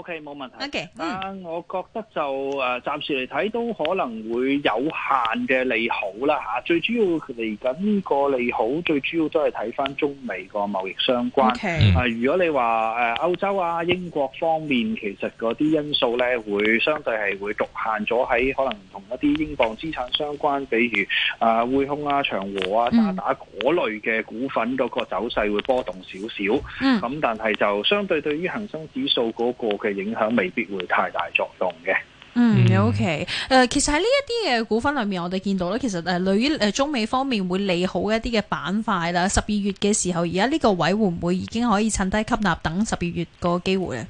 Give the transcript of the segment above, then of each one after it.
O K，冇問題。Okay, 我覺得就誒，暫時嚟睇都可能會有限嘅利好啦嚇。最主要嚟緊個利好，最主要都係睇翻中美個貿易相關。O、okay, 如果你話誒歐洲啊、英國方面，其實嗰啲因素咧，會相對係會侷限咗喺可能同一啲英鎊資產相關，比如啊匯控啊、長和啊、渣打嗰類嘅股份嗰、嗯嗰個走勢會波動少少。咁、嗯、但係就相對對於恒生指數嗰個嘅。影響未必會太大作用嘅。嗯，嗯，OK, uh，誒，其實喺呢一啲嘅股份裏面，我哋見到咧，其實誒，對於誒中美方面會利好一啲嘅板塊啦。十二月嘅時候，而家呢個位會唔會已經可以趁低吸納，等十二月個機會咧？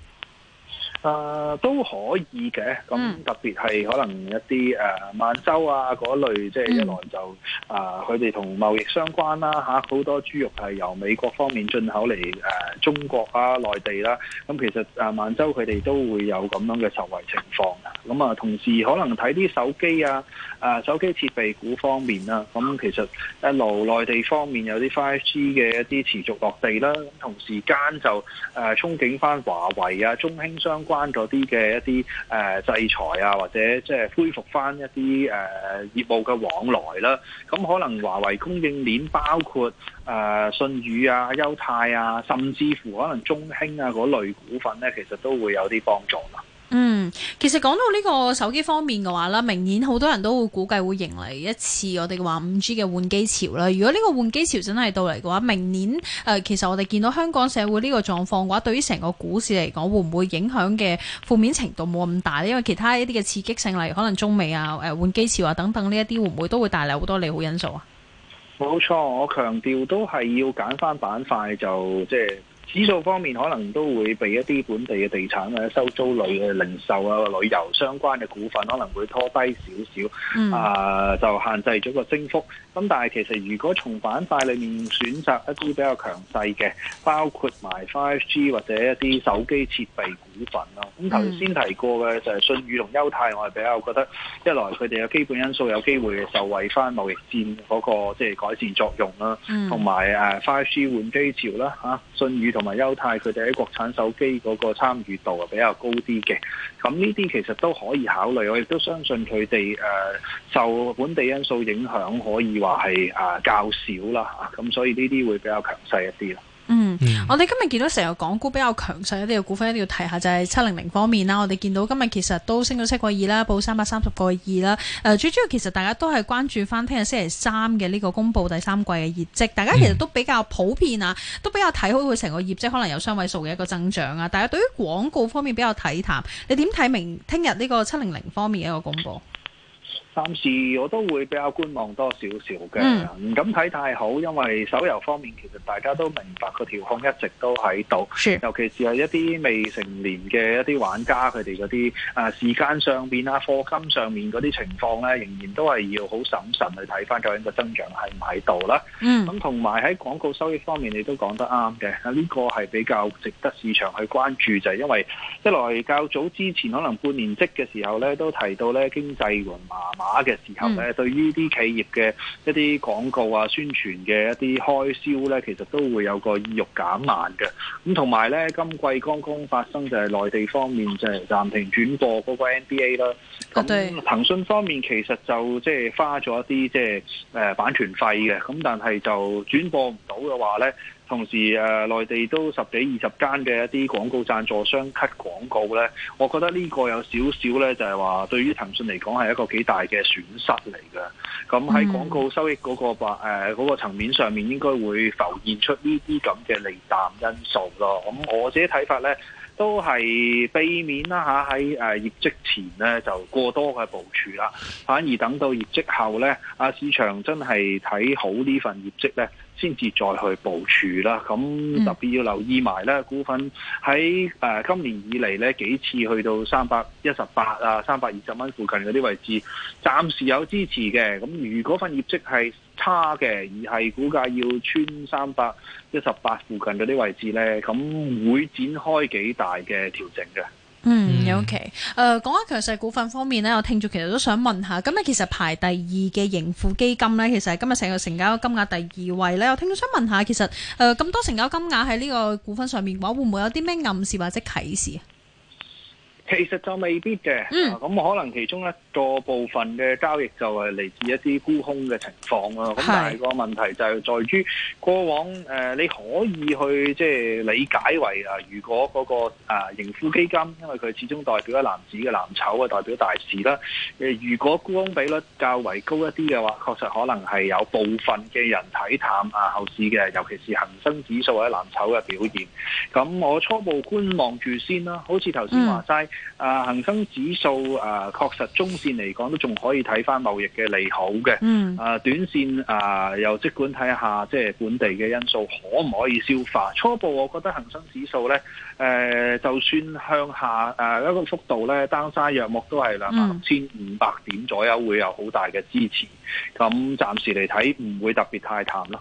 啊，都可以嘅。咁特別係可能一啲誒萬洲啊嗰、啊、類，即、就、係、是、一來就、嗯、啊，佢哋同貿易相關啦吓，好多豬肉係由美國方面進口嚟誒、啊、中國啊內地啦、啊。咁其實啊萬洲佢哋都會有咁樣嘅受惠情況、啊。咁啊，同時可能睇啲手機啊，誒、啊、手機設備股方面啦、啊。咁其實一來內地方面有啲 5G 嘅一啲持續落地啦、啊。咁同時間就誒、啊、憧憬翻華為啊、中興相關。關嗰啲嘅一啲誒、呃、制裁啊，或者即係恢復翻一啲誒、呃、業務嘅往來啦。咁可能華為供應鏈包括誒舜宇啊、優泰啊，甚至乎可能中興啊嗰類股份咧，其實都會有啲幫助啦。嗯，其實講到呢個手機方面嘅話啦，明年好多人都會估計會迎嚟一次我哋嘅話五 G 嘅換機潮啦。如果呢個換機潮真係到嚟嘅話，明年誒、呃，其實我哋見到香港社會呢個狀況嘅話，對於成個股市嚟講，會唔會影響嘅負面程度冇咁大咧？因為其他一啲嘅刺激性，例如可能中美啊、誒換機潮啊等等呢一啲，會唔會都會帶嚟好多利好因素啊？冇錯，我強調都係要揀翻板塊，就即、就、係、是。指數方面，可能都會被一啲本地嘅地產啊、收租類嘅零售啊、旅遊相關嘅股份可能會拖低少少，啊、嗯呃、就限制咗個升幅。咁但係其實如果從板塊裏面選擇一啲比較強勢嘅，包括埋 5G 或者一啲手機設備。咁頭先提過嘅就係信宇同優泰，我係比較覺得一來佢哋嘅基本因素有機會受惠翻貿易戰嗰個即係改善作用啦，同埋誒 5G 換機潮啦嚇，信宇同埋優泰佢哋喺國產手機嗰個參與度啊比較高啲嘅，咁呢啲其實都可以考慮，我亦都相信佢哋誒受本地因素影響可以話係啊較少啦嚇，咁所以呢啲會比較強勢一啲啦。嗯，嗯，我哋今日見到成個港股比較強勢一啲嘅股份，一定要提下就係七零零方面啦。我哋見到今日其實都升咗七個二啦，報三百三十個二啦。誒，最主要其實大家都係關注翻聽日星期三嘅呢個公佈第三季嘅業績。大家其實都比較普遍啊、嗯，都比較睇好佢成個業績可能有雙位數嘅一個增長啊。大家對於廣告方面比較睇淡，你點睇明聽日呢個七零零方面嘅一個公佈？暫時我都會比較觀望多少少嘅，唔、嗯、敢睇太好，因為手遊方面其實大家都明白個調控一直都喺度，尤其是係一啲未成年嘅一啲玩家佢哋嗰啲啊時間上面啊課金上面嗰啲情況咧，仍然都係要好審慎去睇翻究竟個增長係唔喺度啦。咁同埋喺廣告收益方面，你都講得啱嘅，呢、這個係比較值得市場去關注，就係、是、因為一來較早之前可能半年績嘅時候咧，都提到咧經濟緩麻麻。打嘅時候咧，對於啲企業嘅一啲廣告啊、宣傳嘅一啲開銷咧，其實都會有個意欲減慢嘅。咁同埋咧，今季剛剛發生就係內地方面就係暫停轉播嗰個 NBA 啦。咁騰訊方面其實就即係花咗一啲即係誒版權費嘅，咁但係就轉播唔到嘅話咧。同時誒、呃，內地都十幾二十間嘅一啲廣告贊助商 cut 廣告咧，我覺得呢個有少少咧，就係話對於騰訊嚟講係一個幾大嘅損失嚟嘅。咁喺廣告收益嗰個吧誒嗰個層面上面，應該會浮現出呢啲咁嘅利淡因素咯。咁我自己睇法咧，都係避免啦嚇喺誒業績前咧就過多嘅部署啦，反而等到業績後咧，啊市場真係睇好呢份業績咧，先至再去部署啦，咁特別要留意埋咧，股份喺誒今年以嚟咧幾次去到三百一十八啊三百二十蚊附近嗰啲位置，暫時有支持嘅。咁如果份業績係差嘅，而係股價要穿三百一十八附近嗰啲位置咧，咁會展開幾大嘅調整嘅。嗯，嗯，OK、呃。誒，講緊強勢股份方面咧，我聽住其實都想問下。咁誒，其實排第二嘅盈富基金咧，其實係今日成個成交金額第二位咧。我聽到想問下，其實誒咁、呃、多成交金額喺呢個股份上面嘅話，會唔會有啲咩暗示或者啟示？其實就未必嘅，咁、嗯啊、可能其中一個部分嘅交易就係嚟自一啲沽空嘅情況啦，咁但係個問題就係在於過往誒、呃，你可以去即係理解為啊，如果嗰、那個盈富、啊、基金，因為佢始終代表一籃子嘅藍籌嘅代表大市啦、呃。如果沽空比率較為高一啲嘅話，確實可能係有部分嘅人睇淡啊後市嘅，尤其是恒生指數或者藍籌嘅表現。咁我初步觀望住先啦，好似頭先話齋。嗯啊，恒生指數啊，確實中線嚟講都仲可以睇返貿易嘅利好嘅。嗯。啊、短線啊，又即管睇下即係本地嘅因素可唔可以消化。初步我覺得恒生指數咧，誒、啊，就算向下誒、啊、一個幅度咧，單山若目都係兩萬六千五百點左右、嗯、會有好大嘅支持。咁暫時嚟睇唔會特別太淡咯。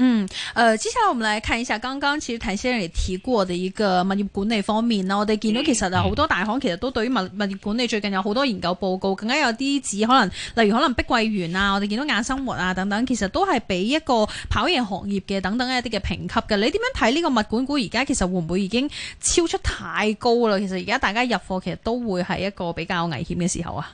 嗯，誒、呃，接下來我們來看一下，剛剛其實譚先生亦提過的一個物業管理方面啦。我哋見到其實啊，好多大行其實都對於物物業管理最近有好多研究報告，更加有啲指可能，例如可能碧桂園啊，我哋見到雅生活啊等等，其實都係俾一個跑贏行業嘅等等一啲嘅評級嘅。你點樣睇呢個物管股而家其實會唔會已經超出太高啦？其實而家大家入貨其實都會係一個比較危險嘅時候啊？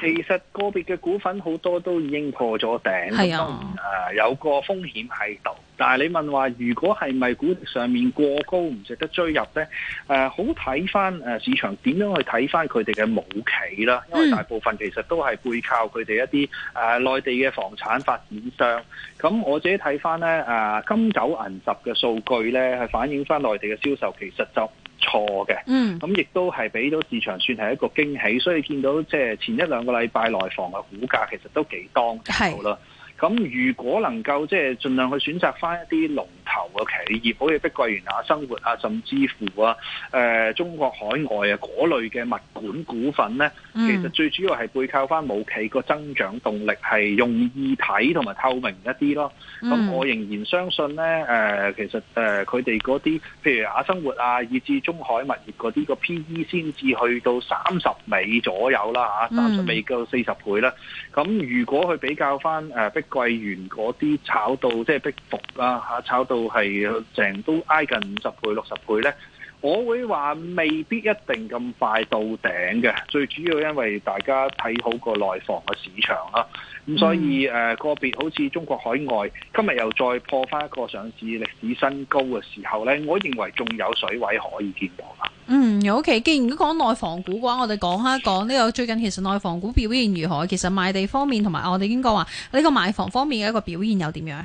其實個別嘅股份好多都已經破咗頂了，當然誒有個風險喺度。但係你問話，如果係咪股上面過高唔值得追入咧？誒、呃、好睇翻誒市場點樣去睇翻佢哋嘅母企啦。因為大部分其實都係背靠佢哋一啲誒、呃、內地嘅房產發展商。咁、嗯、我自己睇翻咧誒金九銀十嘅數據咧，係反映翻內地嘅銷售，其實就。錯、嗯、嘅，咁亦都係俾到市場算係一個驚喜，所以見到即係前一兩個禮拜，內房嘅股價其實都幾當值啦。咁如果能夠即係盡量去選擇翻一啲龍頭嘅企業，好似碧桂園啊、生活啊，甚至乎啊，呃、中國海外啊嗰類嘅物管股份咧、嗯，其實最主要係背靠翻冇企個增長動力，係容易睇同埋透明一啲咯。咁我仍然相信咧、呃，其實佢哋嗰啲，譬如亞生活啊，以至中海物業嗰啲個 P E 先至去到三十倍左右啦嚇，三十倍到四十倍啦。咁、嗯、如果去比較翻誒碧桂圓嗰啲炒到即係逼伏啦、啊、吓，炒到係成都挨近五十倍、六十倍咧。我會話未必一定咁快到頂嘅，最主要因為大家睇好個內房嘅市場啦。咁所以誒個別好似中國海外今日又再破返一個上市歷史新高嘅時候呢，我認為仲有水位可以見到啦。嗯，OK，既然講內房股嘅話，我哋講一講呢個最近其實內房股表現如何？其實賣地方面同埋我哋應該話呢個買房方面嘅一個表現又點樣？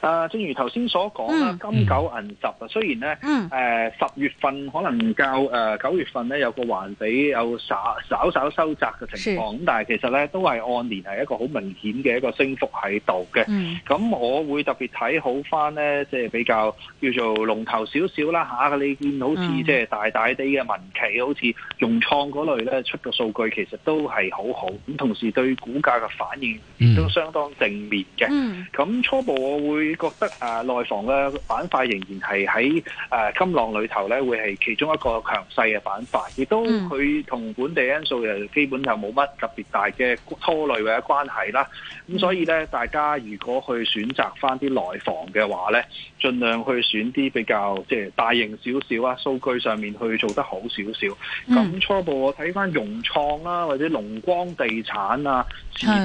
誒、啊，正如頭先所講、嗯、金九銀十啊，雖然咧誒、呃嗯、十月份可能較誒、呃、九月份咧有個環比有稍稍稍收窄嘅情況，咁但係其實咧都係按年係一個好明顯嘅一個升幅喺度嘅。咁、嗯嗯、我會特別睇好翻咧，即、就、係、是、比較叫做龍頭少少啦吓。你見好似即係大大地嘅民企，好似融創嗰類咧出嘅數據，其實都係好好，咁同時對股價嘅反應都相當正面嘅。咁、嗯嗯、初步。會覺得啊，內房嘅板塊仍然係喺誒金浪裏頭咧，會係其中一個強勢嘅板塊，亦都佢同本地因素又基本就冇乜特別大嘅拖累或者關係啦。咁所以咧，大家如果去選擇返啲內房嘅話咧，盡量去選啲比較即係大型少少啊，數據上面去做得好少少。咁初步我睇返融創啦，或者龍光地產啊、時代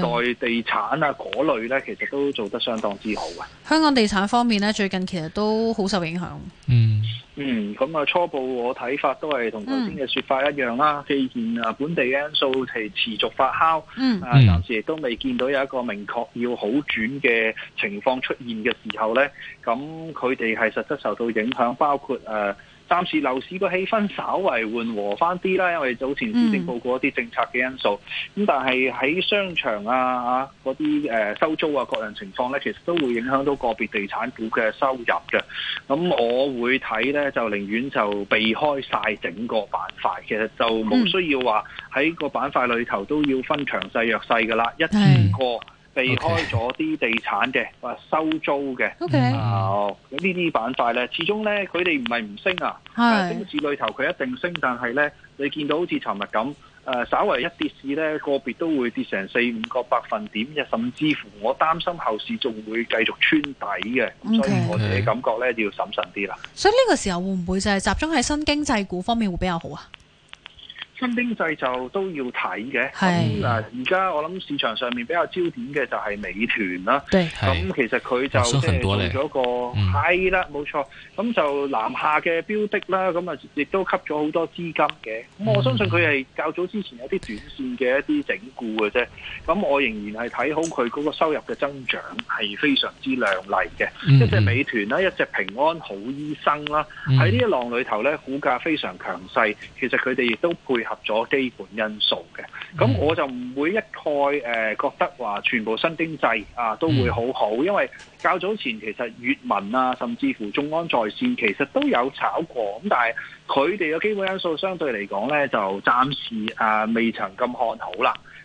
地產啊嗰類咧，其實都做得相當之好嘅。香港地產方面呢，最近其實都好受影響。嗯嗯，咁啊初步我睇法都係同頭先嘅說法一樣啦，嗯。既然啊本地嘅因素係持續發酵，嗯啊，暫時亦都未見到有一個明確要好轉嘅情況出現嘅時候呢，咁佢哋係實質受到影響，包括誒。呃暫時樓市個氣氛稍為緩和翻啲啦，因為早前施政報告一啲政策嘅因素，咁、嗯、但係喺商場啊、嗰啲誒收租啊各樣情況咧，其實都會影響到個別地產股嘅收入嘅。咁我會睇咧，就寧願就避開晒整個板塊，其實就冇需要話喺個板塊裏頭都要分強勢弱勢噶啦，一次過。Okay. 避開咗啲地產嘅，或收租嘅，有呢啲板塊咧，始終咧佢哋唔係唔升啊，市裏、呃、頭佢一定升，但係咧你見到好似尋日咁，誒、呃、稍為一跌市咧，個別都會跌成四五個百分點嘅，甚至乎我擔心後市仲會繼續穿底嘅，okay. 所以我哋嘅感覺咧要審慎啲啦。Okay. 所以呢個時候會唔會就係集中喺新經濟股方面會比較好啊？新經濟就都要睇嘅。咁嗱，而、嗯、家我諗市場上面比較焦點嘅就係美團啦。咁、嗯、其實佢就即係收很多嘅。係啦，冇錯。咁、嗯、就南下嘅標的啦，咁啊亦都吸咗好多資金嘅。咁、嗯、我相信佢係較早之前有啲短線嘅一啲整固嘅啫。咁我仍然係睇好佢嗰個收入嘅增長係非常之亮麗嘅、嗯。一隻美團啦，一隻平安好醫生啦，喺、嗯、呢一浪裏頭咧，股價非常強勢。其實佢哋亦都配合。入咗基本因素嘅，咁我就唔會一概誒覺得話全部新經濟啊都會好好，因為較早前其實閱文啊，甚至乎眾安在線其實都有炒過，咁但係佢哋嘅基本因素相對嚟講咧，就暫時誒未曾咁看好啦。